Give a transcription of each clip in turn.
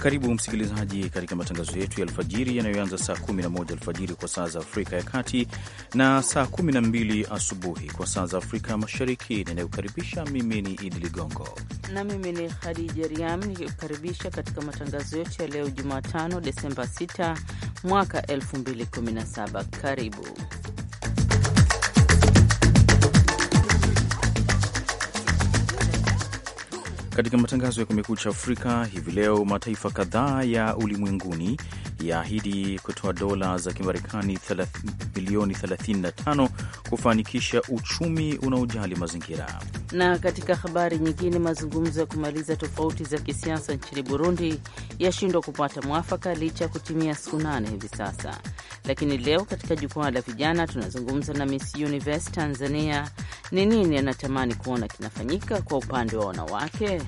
Karibu msikilizaji katika matangazo yetu ya alfajiri yanayoanza saa 11 alfajiri kwa saa za Afrika ya Kati na saa 12 asubuhi kwa saa za Afrika Mashariki. Ninayokaribisha mimi ni Idi Ligongo na mimi ni Khadija Riam nikikukaribisha katika matangazo yetu ya leo Jumatano, Desemba 6 mwaka 2017. Karibu Katika matangazo ya Kumekucha Afrika hivi leo, mataifa kadhaa ya ulimwenguni yaahidi kutoa dola za Kimarekani bilioni 35 kufanikisha uchumi unaojali mazingira. Na katika habari nyingine, mazungumzo ya kumaliza tofauti za kisiasa nchini Burundi yashindwa kupata mwafaka licha ya kutimia siku nane hivi sasa. Lakini leo katika jukwaa la vijana tunazungumza na Miss Universe Tanzania ni nini anatamani kuona kinafanyika kwa upande wa wanawake?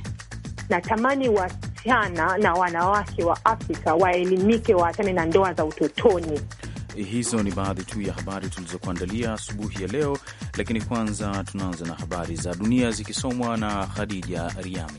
Natamani wasichana na wanawake wa Afrika waelimike, waachane na ndoa za utotoni. Hizo ni baadhi tu ya habari tulizokuandalia asubuhi ya leo, lakini kwanza tunaanza na habari za dunia zikisomwa na Khadija Riami.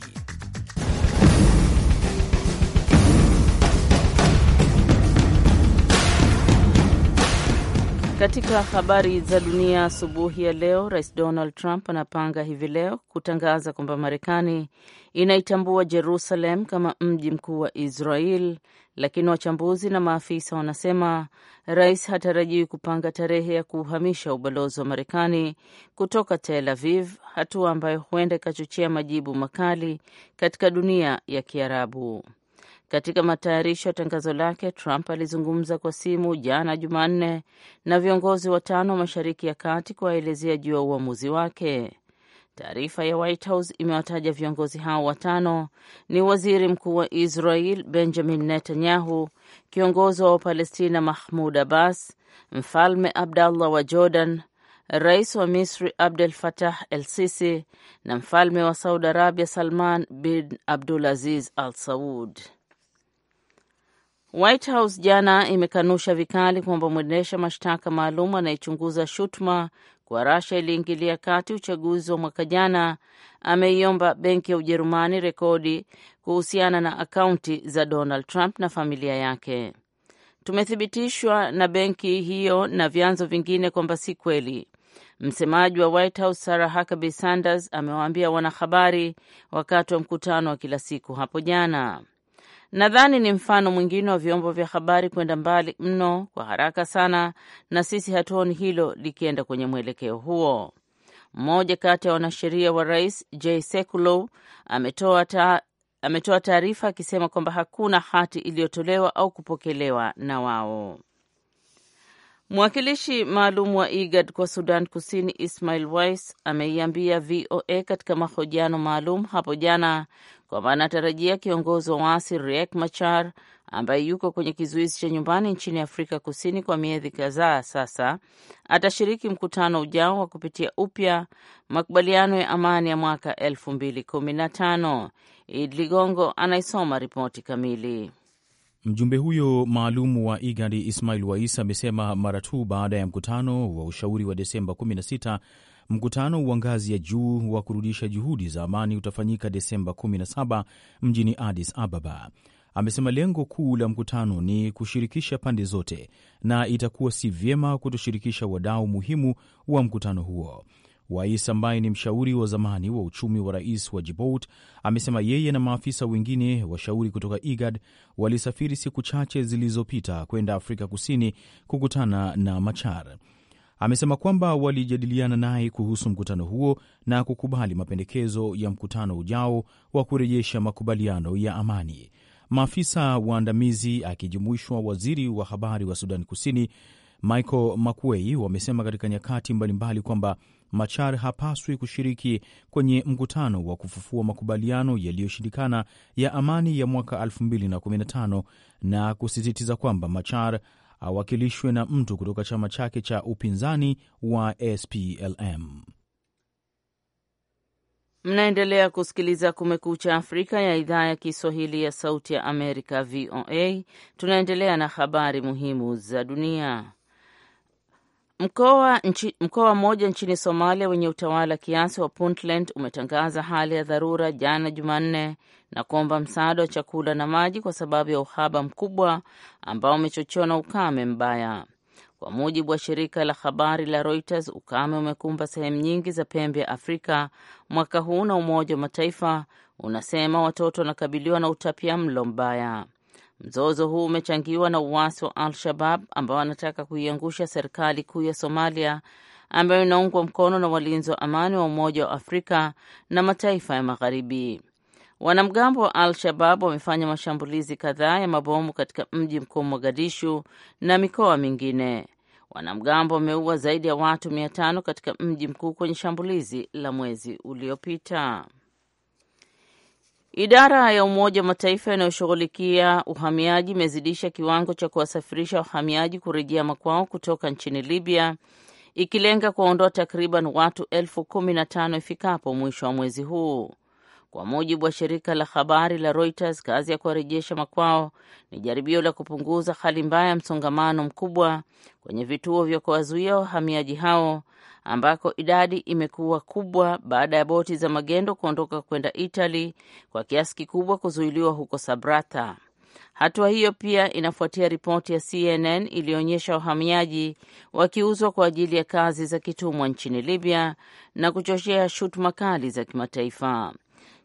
Katika habari za dunia asubuhi ya leo, Rais Donald Trump anapanga hivi leo kutangaza kwamba Marekani inaitambua Jerusalem kama mji mkuu wa Israel, lakini wachambuzi na maafisa wanasema rais hatarajiwi kupanga tarehe ya kuhamisha ubalozi wa Marekani kutoka Tel Aviv, hatua ambayo huenda ikachochea majibu makali katika dunia ya Kiarabu. Katika matayarisho ya tangazo lake, Trump alizungumza kwa simu jana Jumanne na viongozi watano wa Mashariki ya Kati kuwaelezea juu ya uamuzi wake. Taarifa ya White House imewataja viongozi hao watano ni waziri mkuu wa Israel Benjamin Netanyahu, kiongozi wa Wapalestina Mahmud Abbas, mfalme Abdallah wa Jordan, rais wa Misri Abdel Fattah El Sisi na mfalme wa Saudi Arabia Salman bin Abdulaziz Al Saud. White House jana imekanusha vikali kwamba mwendesha mashtaka maalum anayechunguza shutuma kwa Russia iliingilia kati uchaguzi wa mwaka jana ameiomba benki ya Ujerumani rekodi kuhusiana na akaunti za Donald Trump na familia yake. Tumethibitishwa na benki hiyo na vyanzo vingine kwamba si kweli. Msemaji wa White House Sarah Huckabee Sanders amewaambia wanahabari wakati wa mkutano wa kila siku hapo jana. Nadhani ni mfano mwingine wa vyombo vya habari kwenda mbali mno kwa haraka sana, na sisi hatuoni hilo likienda kwenye mwelekeo huo. Mmoja kati ya wanasheria wa rais Jay Sekulow ametoa ta ametoa taarifa akisema kwamba hakuna hati iliyotolewa au kupokelewa na wao. Mwakilishi maalum wa IGAD kwa Sudan Kusini Ismail Wais ameiambia VOA katika mahojiano maalum hapo jana kwamba anatarajia kiongozi wa waasi Riek Machar ambaye yuko kwenye kizuizi cha nyumbani nchini Afrika Kusini kwa miezi kadhaa sasa atashiriki mkutano ujao wa kupitia upya makubaliano ya amani ya mwaka 215 id Ligongo anaisoma ripoti kamili. Mjumbe huyo maalum wa IGAD Ismail Wais amesema mara tu baada ya mkutano wa ushauri wa Desemba 16 mkutano wa ngazi ya juu wa kurudisha juhudi za amani utafanyika Desemba 17 mjini Addis Ababa. Amesema lengo kuu la mkutano ni kushirikisha pande zote na itakuwa si vyema kutoshirikisha wadau muhimu wa mkutano huo. Wais ambaye ni mshauri wa zamani wa uchumi wa rais wa jibout amesema yeye na maafisa wengine washauri kutoka IGAD walisafiri siku chache zilizopita kwenda Afrika Kusini kukutana na Machar. Amesema kwamba walijadiliana naye kuhusu mkutano huo na kukubali mapendekezo ya mkutano ujao wa kurejesha makubaliano ya amani. Maafisa waandamizi akijumuishwa waziri wa habari wa sudani Kusini Michael Makuei wamesema katika nyakati mbalimbali kwamba Machar hapaswi kushiriki kwenye mkutano wa kufufua makubaliano yaliyoshindikana ya amani ya mwaka 2015 na kusisitiza kwamba Machar awakilishwe na mtu kutoka chama chake cha upinzani wa SPLM. Mnaendelea kusikiliza Kumekucha Afrika ya idhaa ya Kiswahili ya Sauti ya Amerika, VOA. Tunaendelea na habari muhimu za dunia. Mkoa, nchi, mkoa mmoja nchini Somalia wenye utawala kiasi wa Puntland umetangaza hali ya dharura jana Jumanne na kuomba msaada wa chakula na maji kwa sababu ya uhaba mkubwa ambao umechochewa na ukame mbaya. Kwa mujibu wa shirika la habari la Reuters, ukame umekumba sehemu nyingi za pembe ya Afrika mwaka huu na Umoja wa Mataifa unasema watoto wanakabiliwa na utapia mlo mbaya. Mzozo huu umechangiwa na uasi wa Al-Shabab ambao wanataka kuiangusha serikali kuu ya Somalia ambayo inaungwa mkono na walinzi wa amani wa Umoja wa Afrika na mataifa ya Magharibi. Wanamgambo wa Al-Shabab wamefanya mashambulizi kadhaa ya mabomu katika mji mkuu Mogadishu na mikoa mingine. Wanamgambo wameua zaidi ya watu mia tano katika mji mkuu kwenye shambulizi la mwezi uliopita. Idara ya Umoja wa Mataifa inayoshughulikia uhamiaji imezidisha kiwango cha kuwasafirisha wahamiaji kurejea makwao kutoka nchini Libya, ikilenga kuwaondoa takriban watu elfu kumi na tano ifikapo mwisho wa mwezi huu. Kwa mujibu wa shirika la habari la Reuters, kazi ya kuwarejesha makwao ni jaribio la kupunguza hali mbaya ya msongamano mkubwa kwenye vituo vya kuwazuia wahamiaji hao ambako idadi imekuwa kubwa baada ya boti za magendo kuondoka kwenda itali kwa kiasi kikubwa kuzuiliwa huko Sabratha. Hatua hiyo pia inafuatia ripoti ya CNN iliyoonyesha wahamiaji wakiuzwa kwa ajili ya kazi za kitumwa nchini Libya na kuchochea shutuma kali za kimataifa.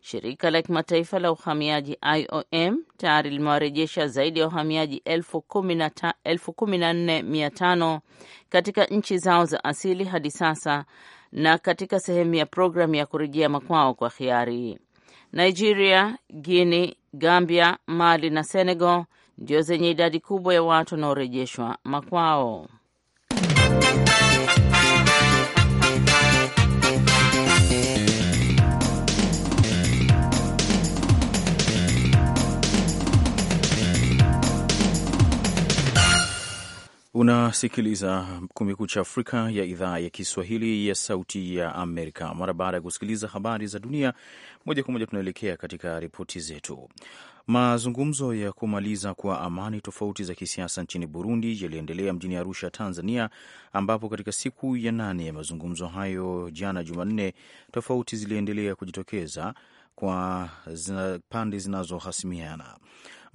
Shirika la kimataifa la uhamiaji IOM tayari limewarejesha zaidi ya wahamiaji elfu kumi na nne mia tano katika nchi zao za asili hadi sasa na katika sehemu ya programu ya kurejea makwao kwa hiari. Nigeria, Guinea, Gambia, Mali na Senegal ndio zenye idadi kubwa ya watu wanaorejeshwa makwao. Unasikiliza Kumekucha Afrika ya idhaa ya Kiswahili ya Sauti ya Amerika. Mara baada ya kusikiliza habari za dunia moja kwa moja, tunaelekea katika ripoti zetu. Mazungumzo ya kumaliza kwa amani tofauti za kisiasa nchini Burundi yaliendelea mjini Arusha, Tanzania, ambapo katika siku ya nane ya mazungumzo hayo jana Jumanne, tofauti ziliendelea kujitokeza kwa pande zinazohasimiana.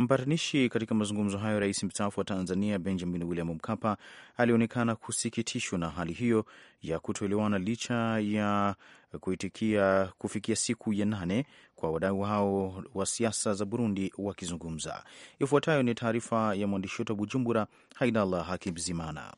Mpatanishi katika mazungumzo hayo, rais mstaafu wa Tanzania Benjamin William Mkapa alionekana kusikitishwa na hali hiyo ya kutoelewana licha ya kuitikia kufikia siku ya nane kwa wadau hao wa siasa za Burundi wakizungumza. Ifuatayo ni taarifa ya mwandishi wetu wa Bujumbura, Haidallah Hakizimana.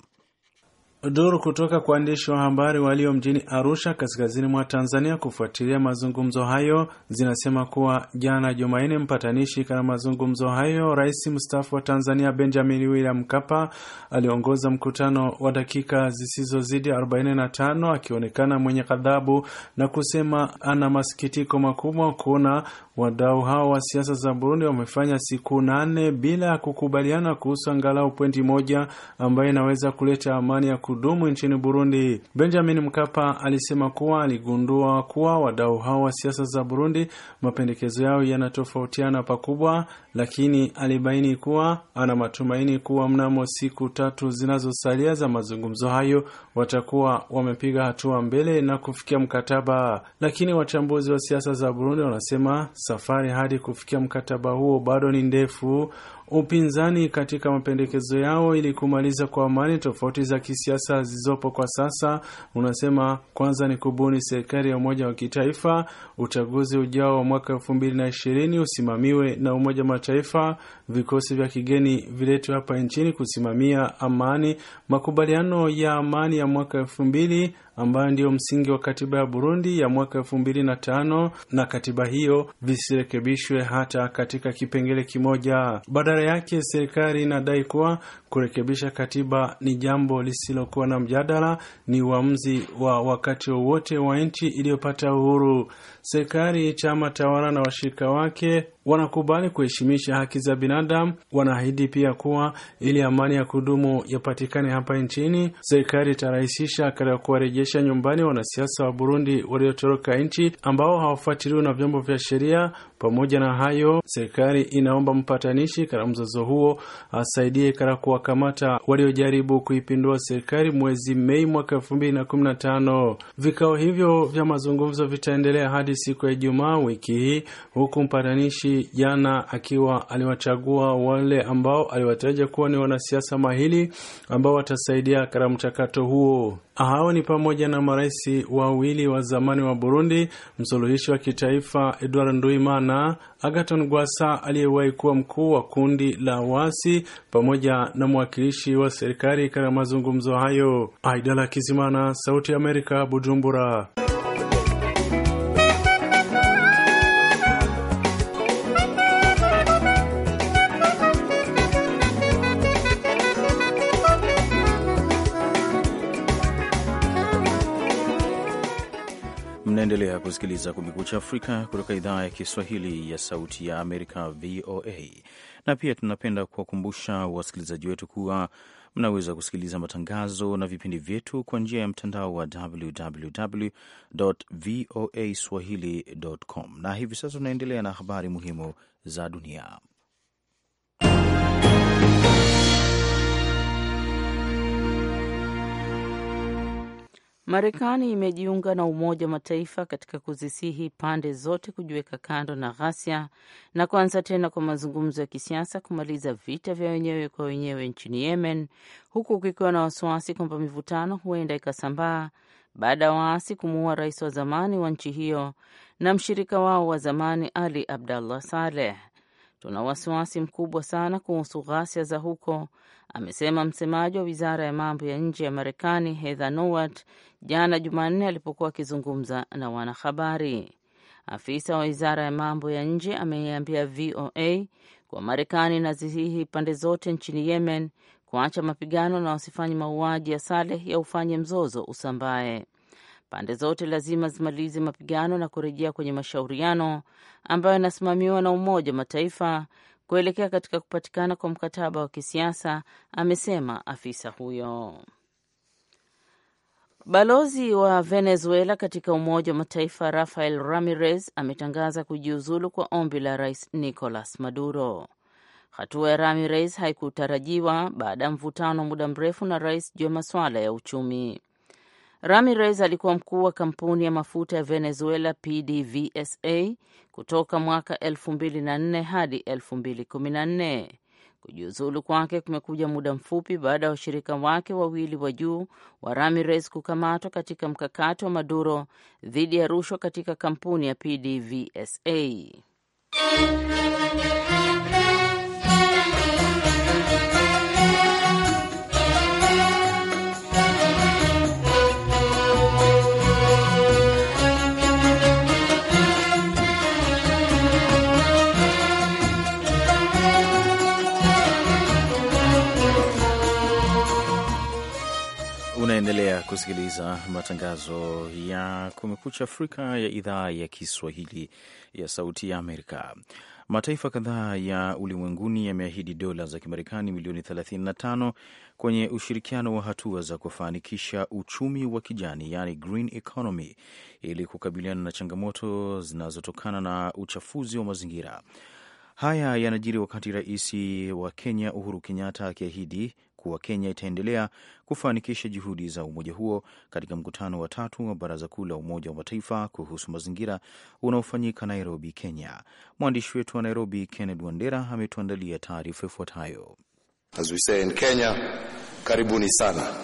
Duru kutoka kwa waandishi wa habari walio mjini Arusha, kaskazini mwa Tanzania, kufuatilia mazungumzo hayo zinasema kuwa jana Jumanne, mpatanishi katika mazungumzo hayo, rais mstaafu wa Tanzania Benjamin William Mkapa aliongoza mkutano wa dakika zisizozidi 45 akionekana mwenye ghadhabu na kusema ana masikitiko makubwa kuona wadau hao wa siasa za Burundi wamefanya siku nane bila ya kukubaliana kuhusu angalau pointi moja ambayo inaweza kuleta amani ya kudumu nchini Burundi. Benjamin Mkapa alisema kuwa aligundua kuwa wadau hao wa siasa za Burundi mapendekezo yao yanatofautiana pakubwa, lakini alibaini kuwa ana matumaini kuwa mnamo siku tatu zinazosalia za mazungumzo hayo watakuwa wamepiga hatua mbele na kufikia mkataba. Lakini wachambuzi wa siasa za Burundi wanasema safari hadi kufikia mkataba huo bado ni ndefu, upinzani katika mapendekezo yao ili kumaliza kwa amani tofauti za kisiasa zilizopo kwa sasa. Unasema kwanza ni kubuni serikali ya umoja wa kitaifa, uchaguzi ujao wa mwaka elfu mbili na ishirini usimamiwe na Umoja wa Mataifa, vikosi vya kigeni viletwe hapa nchini kusimamia amani, makubaliano ya amani ya mwaka elfu mbili ambayo ndiyo msingi wa katiba ya Burundi ya mwaka elfu mbili na tano na katiba hiyo visirekebishwe hata katika kipengele kimoja. Badala yake, serikali inadai kuwa kurekebisha katiba ni jambo lisilokuwa na mjadala, ni uamuzi wa wakati wowote wa nchi iliyopata uhuru. Serikali, chama tawala na washirika wake wanakubali kuheshimisha haki za binadamu. Wanaahidi pia kuwa ili amani ya kudumu yapatikane hapa nchini, serikali itarahisisha katika kuwarejesha nyumbani wanasiasa wa Burundi waliotoroka nchi ambao hawafuatiliwi na vyombo vya sheria pamoja na hayo, serikali inaomba mpatanishi katika mzozo huo asaidie katika kuwakamata waliojaribu kuipindua serikali mwezi Mei mwaka na kumi tano. Vikao hivyo vya mazungumzo vitaendelea hadi siku ya Ijumaa wiki hii, huku mpatanishi jana akiwa aliwachagua wale ambao aliwataja kuwa ni wanasiasa mahili ambao watasaidia katika mchakato huo. Hao ni pamoja na marais wawili wa zamani wa Burundi, msuluhishi wa kitaifa Edward Nduimana, Agaton Gwasa aliyewahi kuwa mkuu wa kundi la wasi, pamoja na mwakilishi wa serikali katika mazungumzo hayo. Aidala Kizimana, Sauti ya Amerika, Bujumbura. unasikiliza Kumekucha Afrika kutoka idhaa ya Kiswahili ya Sauti ya Amerika, VOA. Na pia tunapenda kuwakumbusha wasikilizaji wetu kuwa mnaweza kusikiliza matangazo na vipindi vyetu kwa njia ya mtandao wa www voa swahili com, na hivi sasa tunaendelea na habari muhimu za dunia. Marekani imejiunga na Umoja wa Mataifa katika kuzisihi pande zote kujiweka kando na ghasia na kuanza tena kwa mazungumzo ya kisiasa kumaliza vita vya wenyewe kwa wenyewe nchini Yemen, huku kukiwa na wasiwasi kwamba mivutano huenda ikasambaa baada ya waasi kumuua rais wa zamani wa nchi hiyo na mshirika wao wa zamani Ali Abdallah Saleh. Tuna wasiwasi mkubwa sana kuhusu ghasia za huko amesema msemaji wa wizara ya mambo ya nje ya Marekani Heather Nauert jana Jumanne alipokuwa akizungumza na wanahabari. Afisa wa wizara ya mambo ya nje ameiambia VOA kuwa Marekani inazisihi pande zote nchini Yemen kuacha mapigano na wasifanye mauaji ya Saleh ya ufanye mzozo usambae. Pande zote lazima zimalize mapigano na kurejea kwenye mashauriano ambayo yanasimamiwa na Umoja wa Mataifa kuelekea katika kupatikana kwa mkataba wa kisiasa, amesema afisa huyo. Balozi wa Venezuela katika Umoja wa Mataifa Rafael Ramirez ametangaza kujiuzulu kwa ombi la Rais Nicolas Maduro. Hatua ya Ramirez haikutarajiwa baada ya mvutano wa muda mrefu na rais juu ya masuala ya uchumi. Ramirez alikuwa mkuu wa kampuni ya mafuta ya Venezuela PDVSA kutoka mwaka 2004 hadi 2014. Kujiuzulu kwake kumekuja muda mfupi baada ya washirika wake wawili wa juu wa Ramirez kukamatwa katika mkakati wa Maduro dhidi ya rushwa katika kampuni ya PDVSA. matangazo ya Kumekucha Afrika ya idhaa ya Kiswahili ya Sauti ya Amerika. Mataifa kadhaa ya ulimwenguni yameahidi dola za Kimarekani milioni 35 kwenye ushirikiano wa hatua za kufanikisha uchumi wa kijani, yani green economy, ili kukabiliana na changamoto zinazotokana na uchafuzi wa mazingira. Haya yanajiri wakati rais wa Kenya Uhuru Kenyatta akiahidi kuwa Kenya itaendelea kufanikisha juhudi za umoja huo katika mkutano wa tatu wa Baraza Kuu la Umoja wa Mataifa kuhusu mazingira unaofanyika Nairobi, Kenya. Mwandishi wetu wa Nairobi, kenned Wandera, ametuandalia taarifa ifuatayo. As we say in Kenya, karibuni sana.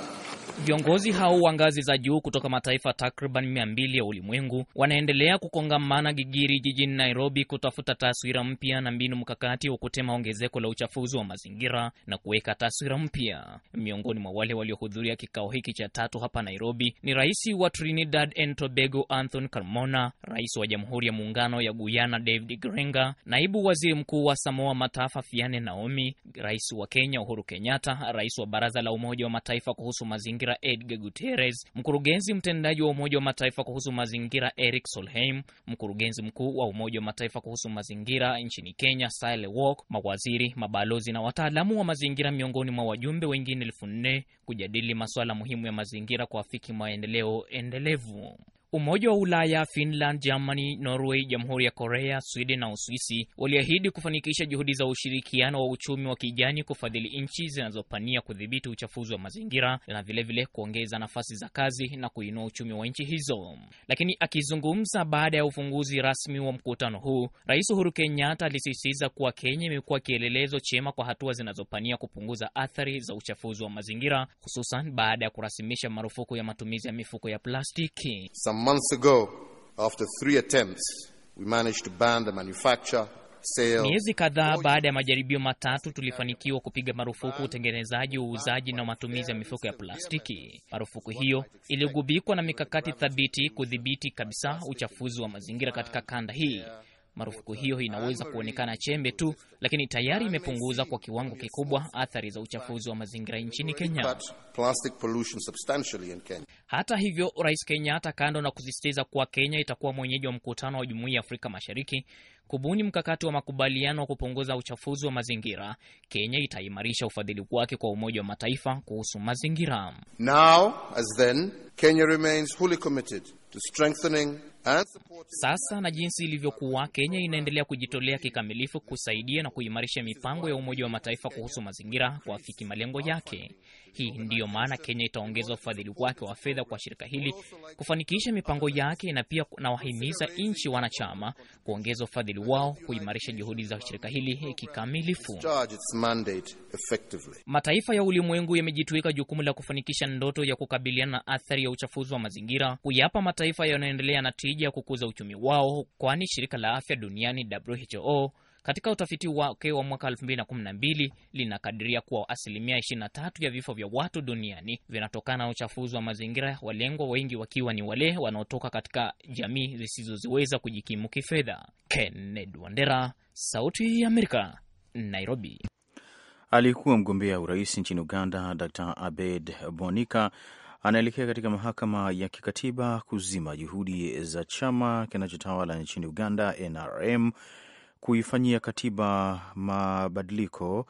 Viongozi hao wa ngazi za juu kutoka mataifa takriban mia mbili ya ulimwengu wanaendelea kukongamana gigiri jijini Nairobi kutafuta taswira mpya na mbinu mkakati wa kutema ongezeko la uchafuzi wa mazingira na kuweka taswira mpya. Miongoni mwa wale waliohudhuria kikao hiki cha tatu hapa Nairobi ni rais wa Trinidad and Tobago Anthony Carmona, rais wa Jamhuri ya Muungano ya Guyana David Grenga, naibu waziri mkuu wa Samoa matafa Fiane Naomi, rais wa Kenya Uhuru Kenyatta, rais wa Baraza la Umoja wa Mataifa kuhusu mazingira mazingira Edgar Guterres, mkurugenzi mtendaji wa Umoja wa Mataifa kuhusu mazingira Eric Solheim, mkurugenzi mkuu wa Umoja wa Mataifa kuhusu mazingira nchini Kenya Sile Walk, mawaziri, mabalozi na wataalamu wa mazingira miongoni mwa wajumbe wengine elfu nne kujadili masuala muhimu ya mazingira kuafiki maendeleo endelevu. Umoja wa Ulaya, Finland, Germany, Norway, Jamhuri ya Korea, Sweden na Uswisi waliahidi kufanikisha juhudi za ushirikiano wa uchumi wa kijani kufadhili nchi zinazopania kudhibiti uchafuzi wa mazingira na vilevile vile kuongeza nafasi za kazi na kuinua uchumi wa nchi hizo. Lakini akizungumza baada ya ufunguzi rasmi wa mkutano huu, Rais Uhuru Kenyatta alisisitiza kuwa Kenya imekuwa kielelezo chema kwa hatua zinazopania kupunguza athari za uchafuzi wa mazingira, hususan baada ya kurasimisha marufuku ya matumizi ya mifuko ya plastiki Some Some months ago, after three attempts, we managed to ban the manufacture Miezi kadhaa baada ya majaribio matatu tulifanikiwa kupiga marufuku utengenezaji, uuzaji na matumizi ya mifuko ya plastiki. Marufuku hiyo iligubikwa na mikakati thabiti kudhibiti kabisa uchafuzi wa mazingira katika kanda hii. Marufuku hiyo inaweza kuonekana chembe tu, lakini tayari imepunguza kwa kiwango kikubwa athari za uchafuzi wa mazingira nchini Kenya. Hata hivyo, Rais Kenyatta, kando na kusisitiza kuwa Kenya itakuwa mwenyeji wa mkutano wa Jumuiya ya Afrika Mashariki kubuni mkakati wa makubaliano wa kupunguza uchafuzi wa mazingira, Kenya itaimarisha ufadhili wake kwa Umoja wa Mataifa kuhusu mazingira. Now as then, Kenya remains fully committed to strengthening sasa na jinsi ilivyokuwa, Kenya inaendelea kujitolea kikamilifu kusaidia na kuimarisha mipango ya Umoja wa Mataifa kuhusu mazingira kuafiki malengo yake. Hii ndiyo maana Kenya itaongeza ufadhili wake wa fedha kwa shirika hili kufanikisha mipango yake, na pia nawahimiza nchi wanachama kuongeza ufadhili wao kuimarisha juhudi za shirika hili kikamilifu. Mataifa ya ulimwengu yamejituika jukumu la kufanikisha ndoto ya kukabiliana na athari ya uchafuzi wa mazingira, kuyapa mataifa yanayoendelea na tija kukuza uchumi wao, kwani shirika la afya duniani WHO katika utafiti wake wa mwaka 2012 linakadiria kuwa asilimia 23 ya vifo vya watu duniani vinatokana na uchafuzi wa mazingira, walengwa wengi wakiwa ni wale wanaotoka katika jamii zisizoziweza kujikimu kifedha. Kenneth Wandera, Sauti ya Amerika, Nairobi. Aliyekuwa mgombea urais nchini Uganda Dr Abed Bonika anaelekea katika mahakama ya kikatiba kuzima juhudi za chama kinachotawala nchini Uganda NRM kuifanyia katiba mabadiliko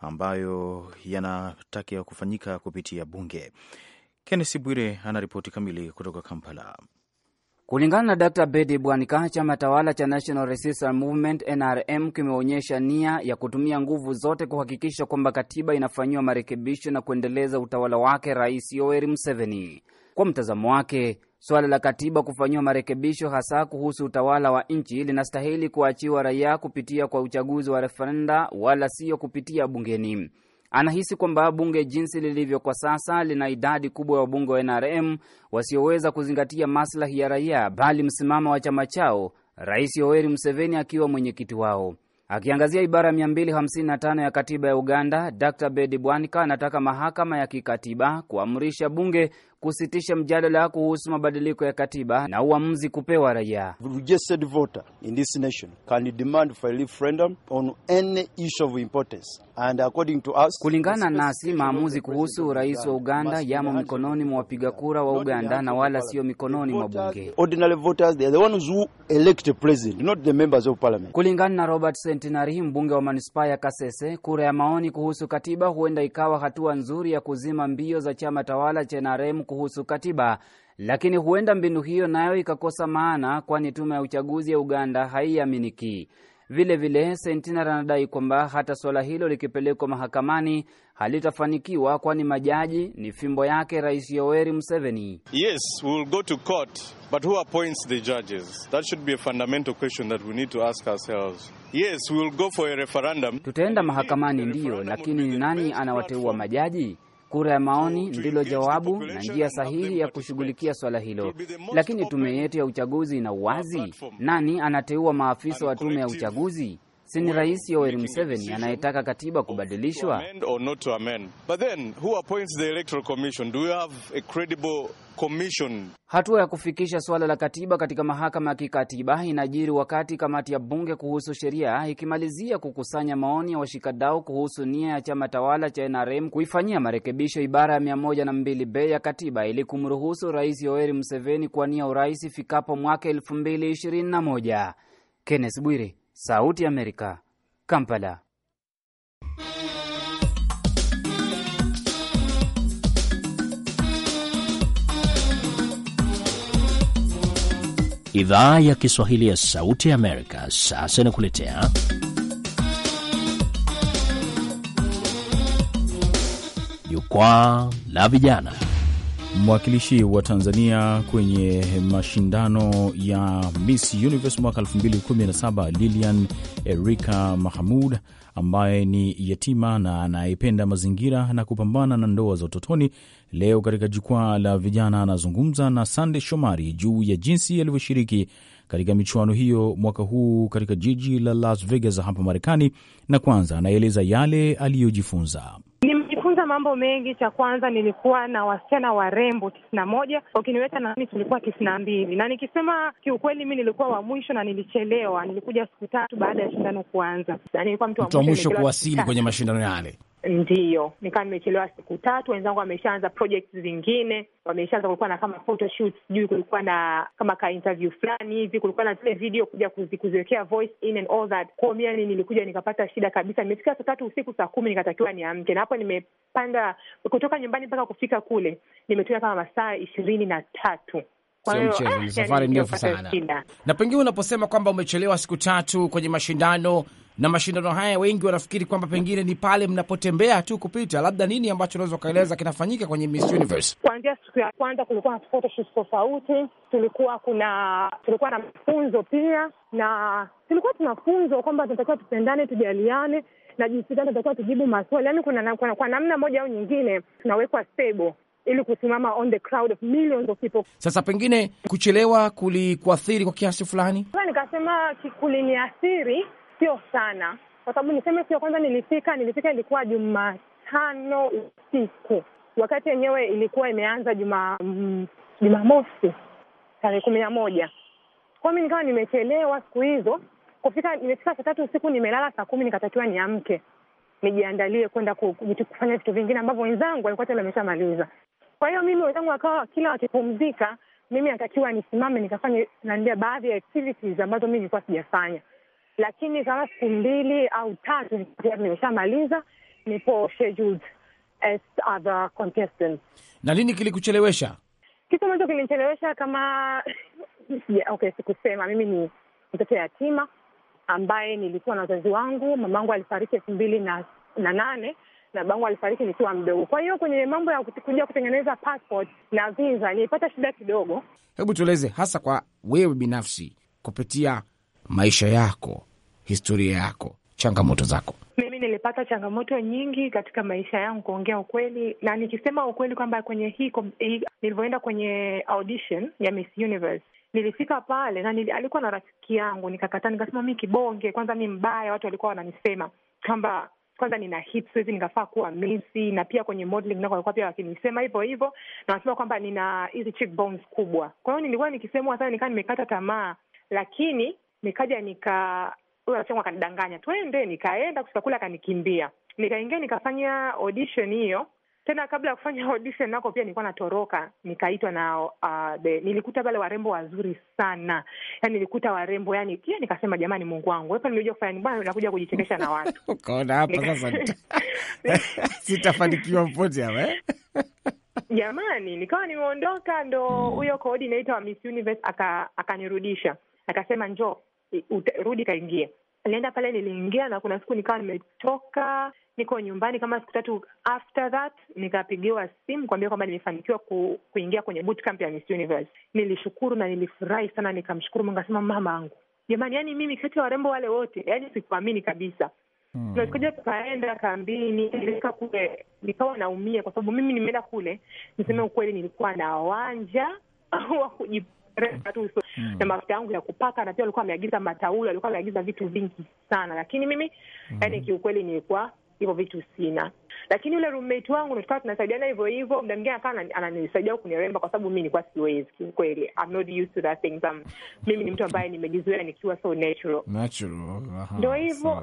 ambayo yanatakiwa kufanyika kupitia bunge. Kennesi Bwire anaripoti kamili kutoka Kampala. Kulingana na Dr Bedi Bwanika, chama tawala cha National Resistance Movement NRM kimeonyesha nia ya kutumia nguvu zote kuhakikisha kwamba katiba inafanyiwa marekebisho na kuendeleza utawala wake Rais Yoweri Museveni. Kwa mtazamo wake, suala la katiba kufanyiwa marekebisho, hasa kuhusu utawala wa nchi, linastahili kuachiwa raia kupitia kwa uchaguzi wa referenda, wala siyo kupitia bungeni. Anahisi kwamba bunge jinsi lilivyo kwa sasa lina idadi kubwa ya wabunge wa NRM wasioweza kuzingatia maslahi ya raia, bali msimamo wa chama chao, Rais Yoweri Museveni akiwa mwenyekiti wao. Akiangazia ibara 255 ya katiba ya Uganda, Dr Bedi Bwanika anataka mahakama ya kikatiba kuamrisha bunge kusitisha mjadala kuhusu mabadiliko ya katiba na uamuzi kupewa raia. Registered voter in this nation can demand for a referendum on any issue of importance. And according to us, kulingana nasi maamuzi kuhusu rais wa Uganda yamo mikononi mwa wapiga kura wa Uganda na wala sio mikononi mwa bunge. Ordinary voters they are the ones who elect the president not the members of parliament. Kulingana na Robert Centenary, mbunge wa manispaa ya Kasese, kura ya maoni kuhusu katiba huenda ikawa hatua nzuri ya kuzima mbio za chama tawala cha NRM kuhusu katiba, lakini huenda mbinu hiyo nayo ikakosa maana, kwani tume ya uchaguzi ya Uganda haiaminiki. Vile vile Sentiner anadai kwamba hata suala hilo likipelekwa mahakamani halitafanikiwa, kwani majaji ni fimbo yake Rais Yoweri Museveni. Yes, we'll go to court, but who appoints the judges? That should be a fundamental question that we need to ask ourselves. Yes, we'll go for a referendum. Tutaenda mahakamani ndiyo, lakini nani anawateua majaji? Kura ya maoni ndilo jawabu na njia sahihi ya kushughulikia swala hilo, lakini tume yetu ya uchaguzi ina uwazi. Nani anateua maafisa wa tume ya uchaguzi? Si ni Rais Yoweri Museveni anayetaka katiba kubadilishwa? Commission. Hatua ya kufikisha suala la katiba katika mahakama ya kikatiba inajiri wakati kamati ya bunge kuhusu sheria ikimalizia kukusanya maoni ya washikadau kuhusu nia ya chama tawala cha NRM kuifanyia marekebisho ibara ya 102b ya katiba ili kumruhusu Rais Yoweri Museveni kuwania urais ifikapo mwaka 2021. Kenneth Bwire, Sauti ya Amerika, Kampala. Idhaa ya Kiswahili ya Sauti ya Amerika sasa inakuletea Jukwaa la Vijana. Mwakilishi wa Tanzania kwenye mashindano ya Miss Universe mwaka 2017 Lilian Erika Mahamud ambaye ni yatima na anayependa mazingira na kupambana na ndoa za utotoni Leo katika jukwaa la vijana anazungumza na Sande Shomari juu ya jinsi alivyoshiriki katika michuano hiyo mwaka huu katika jiji la Las Vegas hapa Marekani, na kwanza anaeleza yale aliyojifunza. Nimejifunza mambo mengi. Cha kwanza nilikuwa na wasichana warembo tisini na moja ukiniweka na mimi tulikuwa tisini na mbili na nikisema kiukweli, mi nilikuwa wa mwisho na nilichelewa, nilikuja siku tatu baada ya shindano kuanza, na nilikuwa mtu wa mwisho kuwasili kwenye mashindano yale. Ndiyo, nikawa nimechelewa siku tatu. Wenzangu wameshaanza projects zingine, wameshaanza. Kulikuwa na kama photoshoot, sijui kulikuwa na kama ka interview fulani hivi, kulikuwa na zile video kuja kuziwekea voice in and all that. Kwao mi yani nilikuja nikapata shida kabisa. Nimefika saa tatu usiku, saa kumi nikatakiwa niamke, na hapo nimepanda kutoka nyumbani mpaka kufika kule nimetumia kama masaa ishirini na tatu. Ah, safari ndefu sana. Na pengine unaposema kwamba umechelewa siku tatu kwenye mashindano na mashindano haya, wengi wanafikiri kwamba pengine ni pale mnapotembea tu kupita. Labda nini ambacho unaweza ukaeleza kinafanyika kwenye Miss Universe? Kuanzia siku ya kwanza kulikuwa na photoshoot tofauti, tulikuwa kuna tulikuwa na mafunzo pia, na tulikuwa tunafunzwa kwamba tunatakiwa tupendane, tujaliane na jinsi gani tunatakiwa tujibu maswali. Yaani kuna, kuna kwa namna moja au nyingine tunawekwa stable ili kusimama on the crowd of millions of people. Sasa pengine kuchelewa kulikuathiri kwa kiasi fulani, nikasema kuliniathiri sio sana, kwa sababu niseme siku ya kwanza nilifika, nilifika ilikuwa Jumatano usiku, wakati yenyewe ilikuwa imeanza juma mm, Jumamosi tarehe kumi na moja. Kwa mi nikawa nimechelewa siku hizo kufika, nimefika saa tatu usiku, nimelala saa kumi, nikatakiwa niamke nijiandalie kwenda kufanya vitu vingine ambavyo wenzangu walikuwa tayari wameshamaliza. Kwa hiyo mimi wenzangu wakawa kila wakipumzika, mimi natakiwa nisimame nikafanye baadhi ya activities ambazo mi nilikuwa sijafanya lakini kama siku mbili au tatu nimeshamaliza, nipo scheduled as other contestants. Na lini kilikuchelewesha? Kitu ambacho kilinichelewesha kama yeah, okay, sikusema. Mimi ni mtoto yatima ambaye nilikuwa na wazazi wangu. Mamangu alifariki elfu mbili na, na nane na babangu alifariki nikiwa mdogo. Kwa hiyo kwenye mambo ya kuja kutengeneza passport na visa nilipata shida kidogo. Hebu tueleze hasa kwa wewe binafsi kupitia maisha yako, historia yako, changamoto zako? Mimi nilipata changamoto nyingi katika maisha yangu, kuongea ukweli, na nikisema ukweli kwamba kwenye hii, hii nilivyoenda kwenye audition ya Miss Universe nilifika pale na nil, alikuwa na rafiki yangu, nikakataa, nikasema mi kibonge, kwanza mi mbaya, watu walikuwa wananisema kwamba kwanza nina hips siwezi nikafaa kuwa misi, na pia kwenye modeling nako walikuwa pia wakinisema hivyo hivyo, na wasema kwamba nina hizi cheekbones kubwa. Kwa hiyo nilikuwa nikisemwa sana, nikaa nimekata tamaa, lakini nikaja nika huyo anasema akanidanganya, twende. Nikaenda kule akanikimbia, nikaingia nikafanya audition hiyo tena kabla ya kufanya audition nako pia nilikuwa natoroka, nikaitwa na uh, de, nilikuta pale warembo wazuri sana yani, nilikuta warembo yani pia nikasema, jamani, Mungu wangu hapa nimekuja kufanya nini bwana, nakuja kujichekesha na watu ukaona hapa sasa sitafanikiwa hapa eh? Jamani, nikawa nimeondoka, ndo hmm. huyo coordinator wa Miss Universe akanirudisha aka akasema, njoo rudi kaingia. Nilienda pale, niliingia na kuna siku nikawa nimetoka, niko nyumbani kama siku tatu after that, nikapigiwa simu kuambia kwamba nimefanikiwa ku, kuingia kwenye bootcamp ya Miss Universe. Nilishukuru na nilifurahi sana, nikamshukuru Mungu, akasema mama angu jamani, yani mimi kati ya warembo wale wote, yani sikuamini kabisa. Hmm. tukaenda kambini, nilifika kule nikawa naumia kwa sababu mimi nimeenda kule, niseme ukweli, nilikuwa na wanja wa uso mm. na mafuta yangu ya kupaka, na pia alikuwa ameagiza mataulo, alikuwa ameagiza vitu vingi sana, lakini mimi mm. yani kiukweli nilikuwa hivyo vitu sina lakini yule roommate wangu ndio tukawa tunasaidiana hivyo hivyo, mda mwingine akawa ananisaidia kuniremba, kwa sababu mi nilikuwa siwezi kweli, I'm not used to that things. mimi ni mtu ambaye nimejizoea nikiwa so natural natural, ndo hivyo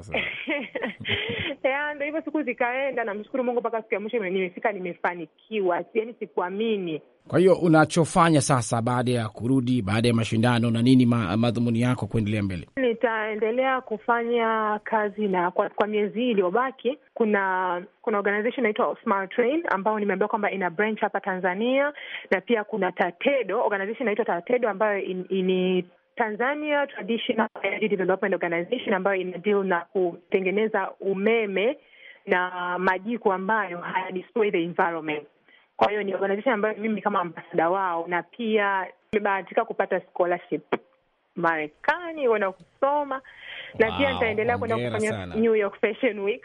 hivyo. Siku zikaenda, namshukuru Mungu mpaka siku ya mwisho nimefika, nimefanikiwa, yani sikuamini. Kwa hiyo unachofanya sasa baada ya kurudi baada ya mashindano na nini, ma, madhumuni yako kuendelea mbele? Nitaendelea kufanya kazi na kwa, kwa miezi hii iliyobaki kuna kuna organization inaitwa Smart Train ambayo nimeambia kwamba ina branch hapa Tanzania, na pia kuna Tatedo organization inaitwa Tatedo ambayo in, ini Tanzania Traditional Energy Development Organization ambayo ina deal na kutengeneza umeme na majiko ambayo haya destroy the environment. Kwa hiyo ni organization ambayo mimi kama ambasada wao, na pia nimebahatika kupata scholarship Marekani kwenda kusoma na wow, pia nitaendelea kwenda kufanya New York Fashion Week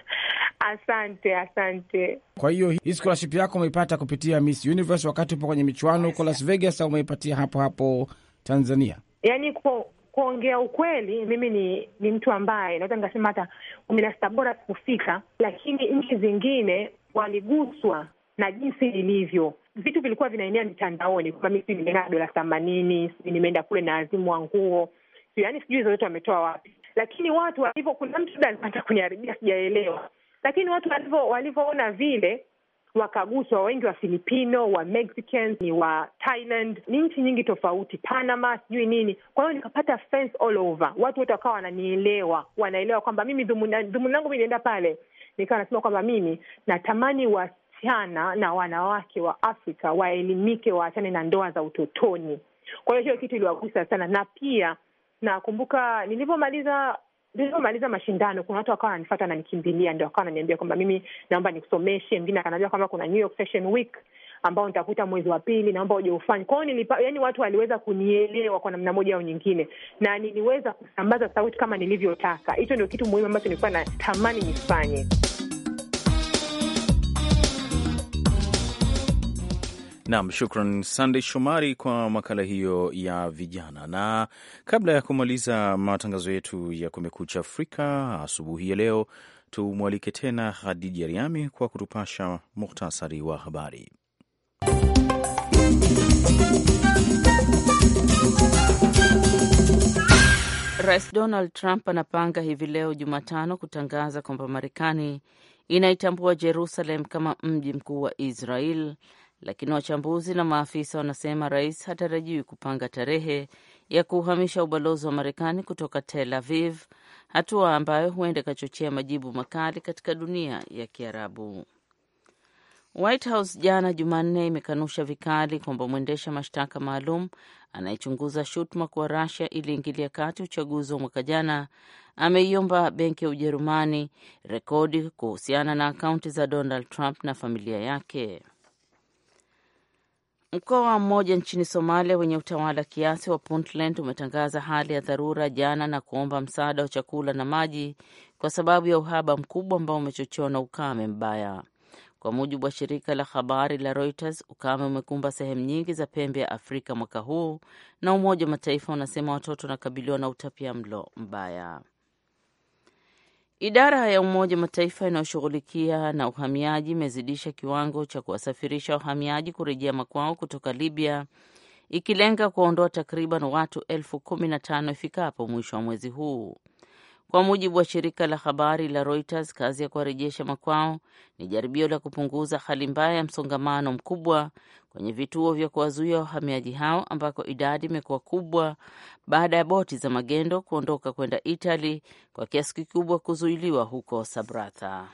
Asante, asante. Kwa hiyo hii scholarship yako umeipata kupitia Miss Universe wakati upo kwenye michuano huko Las Vegas, au umeipatia hapo hapo Tanzania? Yaani kwa kuongea ukweli, mimi ni ni mtu ambaye naweza nikasema hata kumi na sita bora kufika, lakini nchi zingine waliguswa na jinsi ilivyo vitu vilikuwa vinaenea mitandaoni kwamba mi sijui nimeenda dola themanini, sijui nimeenda kule na azimu wa nguo, yaani sijui hizo zote wametoa wapi, lakini watu walivyo, kuna mtu labda alipata kuniharibia, sijaelewa. Lakini watu walivyoona vile wakaguswa, wengi wa Filipino, wa Mexicans, ni wa Thailand, ni nchi nyingi tofauti, Panama, sijui nini. Kwa hiyo nikapata fence all over, watu wote wakawa wananielewa, wanaelewa kwamba mimi dhumuni langu mi nienda pale, nikawa nasema kwamba mimi natamani wasichana na wanawake wa Afrika waelimike, waachane na ndoa za utotoni. Kwa hiyo hiyo kitu iliwagusa sana, na pia nakumbuka nilivyomaliza nilivyomaliza mashindano, kuna watu wakawa wananifata wananikimbilia, ndio wakawa wananiambia kwamba mimi naomba nikusomeshe. Mwingine akaniambia kwamba kuna New York Fashion Week ambao nitakuta mwezi wa pili, naomba uje ufanye kwao. Nilipa, yani watu waliweza kunielewa kwa namna moja au nyingine, na niliweza kusambaza sauti kama nilivyotaka. Hicho ndio kitu muhimu ambacho nilikuwa natamani nifanye. Nam, shukran Sandey Shomari kwa makala hiyo ya vijana. Na kabla ya kumaliza matangazo yetu ya Kumekucha Afrika asubuhi ya leo, tumwalike tena Hadija Riami kwa kutupasha muhtasari wa habari. Rais Donald Trump anapanga hivi leo Jumatano kutangaza kwamba Marekani inaitambua Jerusalem kama mji mkuu wa Israel lakini wachambuzi na maafisa wanasema rais hatarajiwi kupanga tarehe ya kuhamisha ubalozi wa Marekani kutoka Tel Aviv, hatua ambayo huenda ikachochea majibu makali katika dunia ya Kiarabu. White House jana Jumanne imekanusha vikali kwamba mwendesha mashtaka maalum anayechunguza shutuma kuwa Russia iliingilia kati uchaguzi wa mwaka jana ameiomba benki ya Ujerumani rekodi kuhusiana na akaunti za Donald Trump na familia yake. Mkoa mmoja nchini Somalia wenye utawala kiasi wa Puntland umetangaza hali ya dharura jana na kuomba msaada wa chakula na maji kwa sababu ya uhaba mkubwa ambao umechochewa na ukame mbaya. Kwa mujibu wa shirika la habari la Reuters, ukame umekumba sehemu nyingi za pembe ya Afrika mwaka huu, na Umoja wa Mataifa unasema watoto wanakabiliwa na utapia mlo mbaya. Idara ya Umoja Mataifa inayoshughulikia na uhamiaji imezidisha kiwango cha kuwasafirisha wahamiaji kurejea makwao kutoka Libya, ikilenga kuwaondoa takriban watu elfu kumi na tano ifikapo mwisho wa mwezi huu. Kwa mujibu wa shirika la habari la Reuters, kazi ya kuwarejesha makwao ni jaribio la kupunguza hali mbaya ya msongamano mkubwa kwenye vituo vya kuwazuia wahamiaji hao ambako idadi imekuwa kubwa baada ya boti za magendo kuondoka kwenda Itali kwa kiasi kikubwa kuzuiliwa huko Sabratha.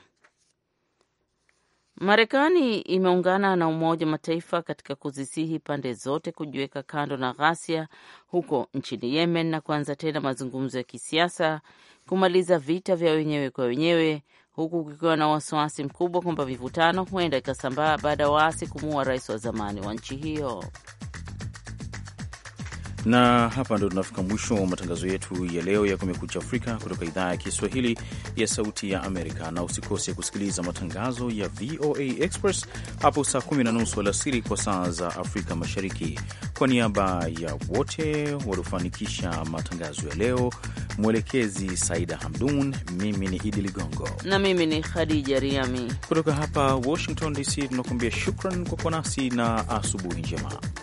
Marekani imeungana na Umoja wa Mataifa katika kuzisihi pande zote kujiweka kando na ghasia huko nchini Yemen na kuanza tena mazungumzo ya kisiasa kumaliza vita vya wenyewe kwa wenyewe, huku kukiwa na wasiwasi mkubwa kwamba mivutano huenda ikasambaa baada ya waasi kumuua rais wa zamani wa nchi hiyo. Na hapa ndo tunafika mwisho wa matangazo yetu ya leo ya Kumekucha Afrika kutoka idhaa ya Kiswahili ya Sauti ya Amerika, na usikose kusikiliza matangazo ya VOA Express hapo saa kumi na nusu alasiri kwa saa za Afrika Mashariki. Kwa niaba ya wote waliofanikisha matangazo ya leo, mwelekezi Saida Hamdun, mimi ni Idi Ligongo na mimi ni Khadija Riami kutoka hapa Washington DC, tunakuambia shukran kwa kuwa nasi na asubuhi njema.